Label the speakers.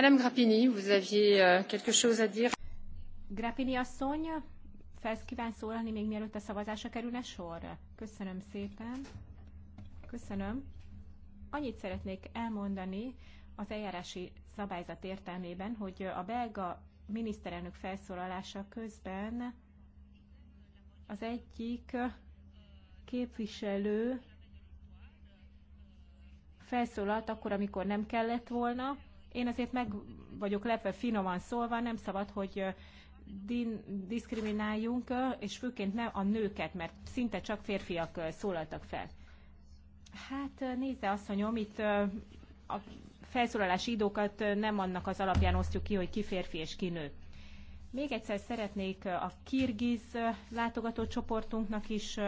Speaker 1: Grappini, vous aviez euh, quelque chose à dire?
Speaker 2: Grappini asszony, felsz kíván szólalni még mielőtt a szavazásra kerülne sor? Köszönöm szépen. Köszönöm. Annyit szeretnék elmondani az eljárási szabályzat értelmében, hogy a belga miniszterelnök felszólalása közben az egyik képviselő felszólalt akkor, amikor nem kellett volna, én azért meg vagyok lepve finoman szólva, nem szabad, hogy din- diszkrimináljunk, és főként nem a nőket, mert szinte csak férfiak szólaltak fel. Hát nézze, asszonyom, itt a felszólalási időkat nem annak az alapján osztjuk ki, hogy ki férfi és ki nő. Még egyszer szeretnék a kirgiz látogatócsoportunknak is